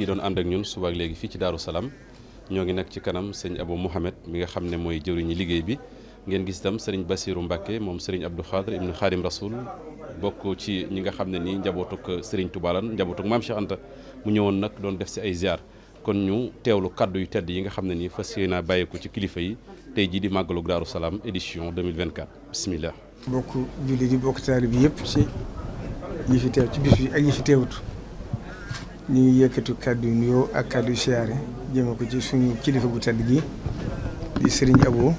kii doon ànd ak ñun suba ak léegi fii ci Daaru Salaam ñoo ngi nag ci kanam sëñ Abou Mouhamed mi nga xam ne mooy jëwriñu liggéey bi ngeen gis itam sëriñ Bassirou Mbacke moom sëriñ Abdou Khadre ibnu Khadim Rasoul bokk ci ñi nga xam ne nii njabootuk sëriñ Touba lan njabootuk maam Cheikh Anta mu ñëwoon nag doon def si ay ziar kon ñu teewlu kaddu yu tedd yi nga xam ne nii fas yéenaa ko ci kilifa yi tey jii di màggalug Daaru Salaam édition 2024 bisimilah. bokk julli di bokk taalibe bi yëpp ci ñu ngi yëkkati kàddu yu nuyoo ak kaddu yu siyaare jëme ko ci suñu kilifa bu tedd gi di Serigne Abo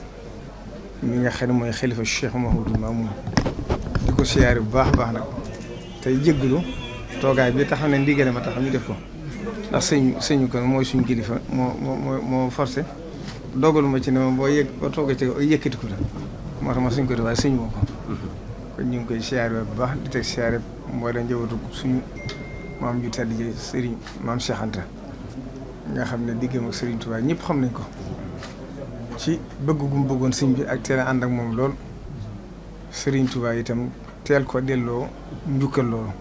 mi nga xam ne mooy xalifa Cheikh Mouhamadou Mamoun ko siyaare bu baax a baax nag tey jéggulu toogaay bi taxam ne ndigale ma taxam ñu def ko ndax sëñ sëñu kon mooy suñu kilifa moo moo moo forcé dogalu ma ci ne ma boo yëg boo toogee ci yëkkati ko la moo tax ma ko def waaye sëñ moo ko mm-hmm. ñu ngi koy siyaare bu baax di teg moo mbooleem njabootu suñu maam ju tedd ji sëriñ maam Cheikh nga xam ne diggam ak sëriñ Touba ñëpp xam nañ ko ci bëgg gu mu bëggoon sëñ bi ak teel ànd ak moom lool sëriñtuwaay itam teel ko delloo njukkal loolu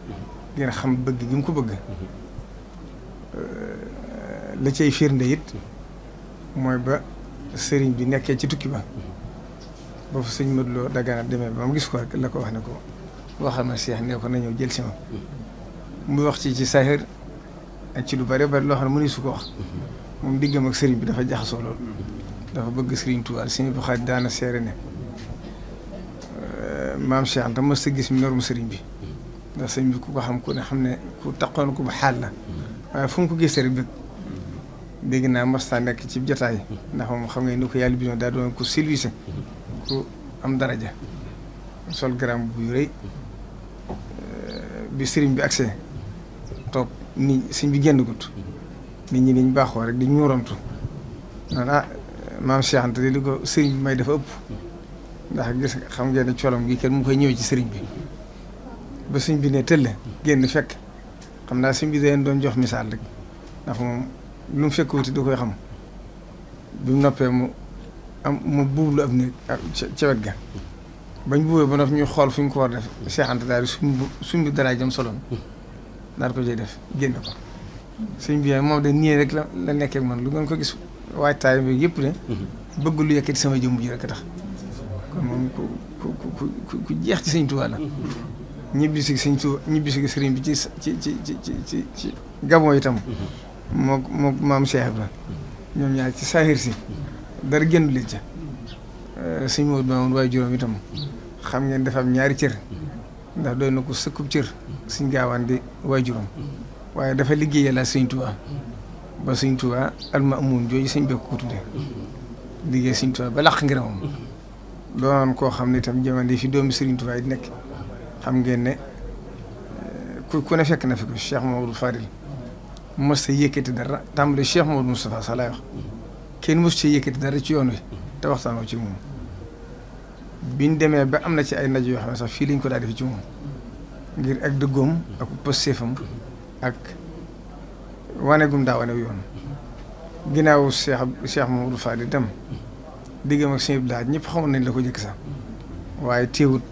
ngeen xam bëgg gi mu ko bëgg euh, la cay firnde it mooy ba sëriñ bi nekkee ci tukki ba ba fa sëñ Modou Lo Dagana demee ba mu gis ko rek la ko wax ne ko waxal ma Cheikh ne ko na jël si ma muy wax ci ci saaxir ak ci lu bare bari loo xam ne mënee su ko wax moom diggam ak sëriñ bi dafa jaxasoo lool dafa bëgg sëriñ Tuubaa sëriñ bu xaaj daana seere ne euh, sëriñ bi ndax sëriñ bi ku ko xam ku ne xam ne ku taqoon ko ba xaal la waaye fu mu ko gisee rek bëgg dégg naa mas ta nekk ci jotaay ndax moom xam nga ni ko yàlla binoon daa doon ko silwise ku am daraja sol garam bu rëy euh, bi sëriñ bi agsee toog ni sëñ bi génn gut mhm. nit ñi niñ baaxoo rek di ñuuramtu ah maam Cheikh Anta li ko sëriñ bi may dafa ëpp mhm. ndax gis xam ngeen colom gi kenn mu koy ñëwee ci sëriñ bi ba sëñ bi ne tëll génn fekk xam naa sëñ bi da doon jox misaal rek ndax moom lu mu fekk wuti du koy xam bi mu noppee mu am mu buublu am néeg ah, ca wet ga mhm. bañ buubee ba noppi ñu xool fu ñu ko war def seexante Anta daal di suñ suñ bi daraay jëm soloon daal ko jëy def génn ko sëñ bi moom de nii rek la la nekkee man lu ngeen ko gis waajtaay bi yëpp de mhm. bëgg lu yëkkati sama jëmm ji rek a tax kon moom ku ku ku ku jeex ci sëñ Tuubaa la mhm. ñibbi si sëñ Tuubaa ñibbi si sëriñ bi ci ci ci ci ci ci gabon itam moo mhm. moo maam Cheikh Ibra ñoom ñaar ci saahir si dara génn leen ca sëñ Maodo maamoon waaye juróom itam xam ngeen dafa am ñaari cër ndax doy na ko sëkkub cër suñ gaawaan di waajuram waaye dafa liggéeyal la sëñ Tuubaa ba sëñ Tuubaa almaamuun jooju sëñ bekk ko liggéey sëñ Tuubaa ba laq ngërëmam doonoon koo xam ne itam jamono fi doomi sëriñ Tuubaa yi nekk xam ngeen ne eh, ku ku fekk na fi ko Cheikh Mamadou Fadil dara tàmbale Cheikh Mamadou Moustapha sa laay wax kenn mos ta yëkkati dara ci yoon wi te waxtaanoo ci moom biñ demee ba am na ci ay ndaje yoo xam ne sax fii lañ ko daal di fi ci moom ngir ak dëggoom ak pëstéefam ak waneegum daa wane yoon ginnaaw Cheikh Cheikh Mamadou Fadi dem diggam ak Sëñ Bilaat ñëpp xamoon nañ la ko jëkk sax waaye teewut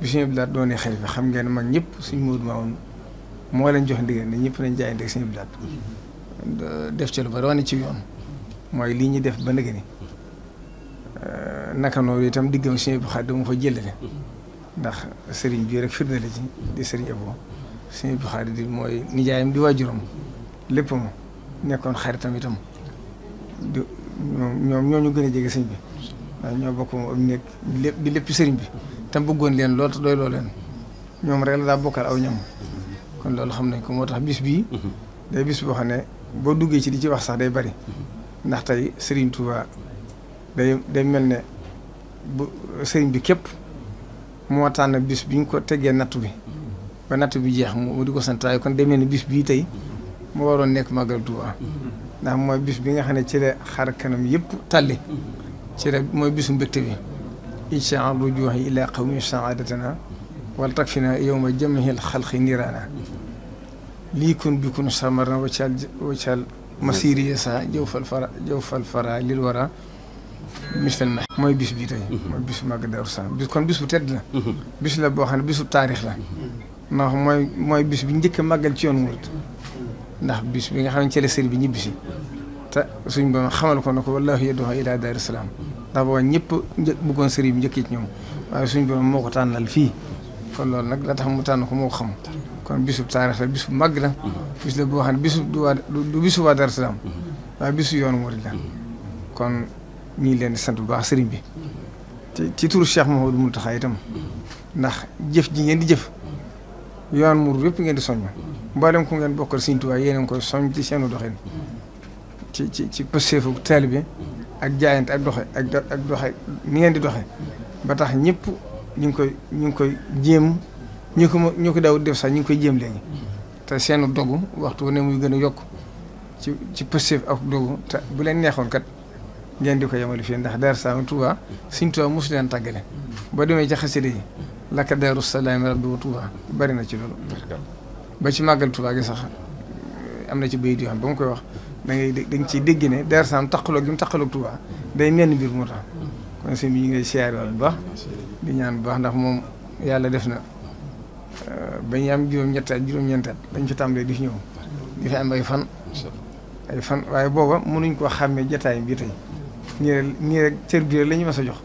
bi Sëñ Bilaat doonee xalifa xam ngeen mag ñëpp suñ Maodo Mamoun moo leen jox ndigal ne ñëpp nañ jaayante ak Sëñ Bilaat def ci lu bari wane ci yoon mooy lii ñuy def ba nëgëni naka noonu itam diggam ak si Abdou Khadre mu fa jëlale ndax sëriñ bii rek firnde la ci di sëriñ Abo suñu bi xaari di mooy nijaayam di waajuram lépp mu nekkoon xaritam itam du ñoom ñoo ñu gën a jege sëñ bi ndax ñoo bokk moom nekk lépp di lépp sëriñ bi tam bëggoon leen lool te doy leen ñoom rek la daa bokkal aw ñam kon loolu xam nañ ko moo tax bis bii day bis boo xam ne boo duggee ci di ci wax sax day bari ndax tey sëriñ Touba day day mel ne bu sëriñ bi képp moo tànn bis bi ñu ko tegee nattu bi ba nattu bi jeex mu di ko santaay kon demee ni bis bii tey mu waroon nekk Magal Touba ndax mooy bis bi nga xam ne ci la xar kanam yëpp tàlli ci la mooy bisu mbégte bi incha allah rujuux yi ilaa qawmi saadatana wala tag na yow ma jamihil xalqi niraana lii kun bi sa jëw fal fara jëw fal fara lil wara misal na mooy bis bii tey. Mhm. mooy bis bu mag Daaru Salaam bis kon la. Mhm. bis la boo xam ne bisu taarix la. Mhm. ndax mooy mooy bis bu njëkk a màggal ci yoon murit ndax bis bi nga xam ne ci la sëriñ bi te suñ ba xamal ko ne ko wallaahu yad'uu ilaa Daaru Salaam ndax ñëpp një bëggoon bi njëkk ci waaye suñ ba moo ko tànnal fii kon loolu nag la tax mu tànn ko moo xam. kon bisu taarix la bisu màgg la. bis la boo xam ne bisu du waa du bisu waa Daaru Salaam waaye bisu yoon murit la ñu leen di sant bu baax sëriñ bi ci ci turu Cheikh tax Mountakha itam ndax jëf ji ngeen di jëf yoon mur yépp ngeen di soññ mboolem ku ngeen bokkal Sëriñ Tuubaa yéen a ngi koy soññ ci seenu doxin ci ci ci pësteefu taalibe ak jaayante ak doxe ak ak doxe ni ngeen di doxe ba tax ñëpp ñu ngi koy ñu ngi koy jéem ñu ko ñu ko daaw def sax ñu ngi koy jéem léegi te seenu dogu waxtu ne muy gën a yokk ci ci pësteef ak dogu te bu leen neexoon kat. ngeen di ko yemale fii ndax Darou Salaam Touba Sëriñ Touba mosu leen tàggale boo demee ca xasida yi lakka Darou Salaam rabbi wa Touba bari na ci loolu ba ci màggal tubaa gi sax eh, am na ci bayit di xam ba mu koy wax da ngay da ciy dégg ne Darou Salaam taqaloo gi mu taqaloo Touba day mel ni mbir moo tax kon sëñ bi ñu ngi lay bu baax di ñaan bu baax ndax moom yàlla def na eh, ba ñu am juróom-ñett juróom-ñeent dañ fi tàmbalee di fi ñëw di am ay fan ay fan waaye booba mënuñ koo xàmmee jataay bi ñii ñii rek cër bi la ñu mas a jox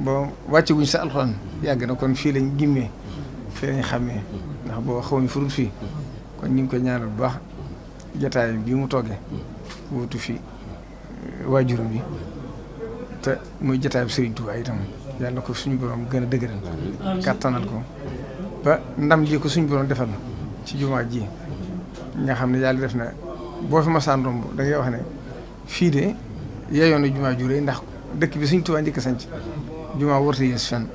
ba wàcce wuñ sa alxuraan yàgg na kon fii lañ gimmee fii lañ xàmmee ndax boo xawuñ furut fii kon ñu ngi ko ñaanal bu baax jotaay bi mu toogee wutu fi eh, waajuram bi te muy jotaay bi Serigne Touba itam yàlla ko suñu borom gën a dëgëral kàttanal ko ba ko suñu borom defal ci jumaa ji nga xam ne yàlla def na boo fi masaan romb da wax ne fii de yeeyoon na jumaa ju réy ndax dëkk bi suñ Tuubaa njëkk a sanc jumaa warta yees fenn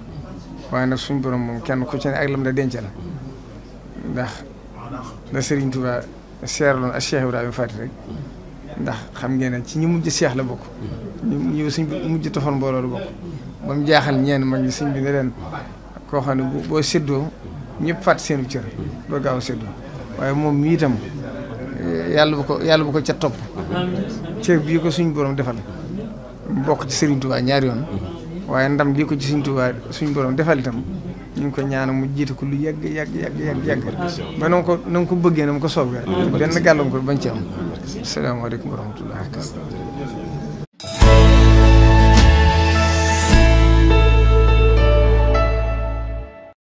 waaye nag suñ borom moom kenn ku ci ne ak lam da dencal ndax da Serigne Touba seerloon ak Cheikh Ibrahima Fati rek ndax xam ngeen ne ci ñi mujj seex la bokk ñu suñ mujj tofoon mbooloo la bokk jaaxal ñeen mag ñi bi ne leen koo xam ne boo séddoo ñëpp fàtt seenu cër doo gaaw a séddoo waaye moom mii itam yàlla bu ko yàlla bu ko ca topp cër bii ko suñu borom defal bokk ci Serigne Touba ñaari yoon waaye ndam bii ko ci Serigne Touba suñu borom defal itam ñu ko ñaanal mu jiite ko lu yàgg yàgg yàgg yàgg yàgg ba na ko na ko bëggee na nga ko soobee benn gàllankoor bañ ci am salaamaaleykum wa rahmatullah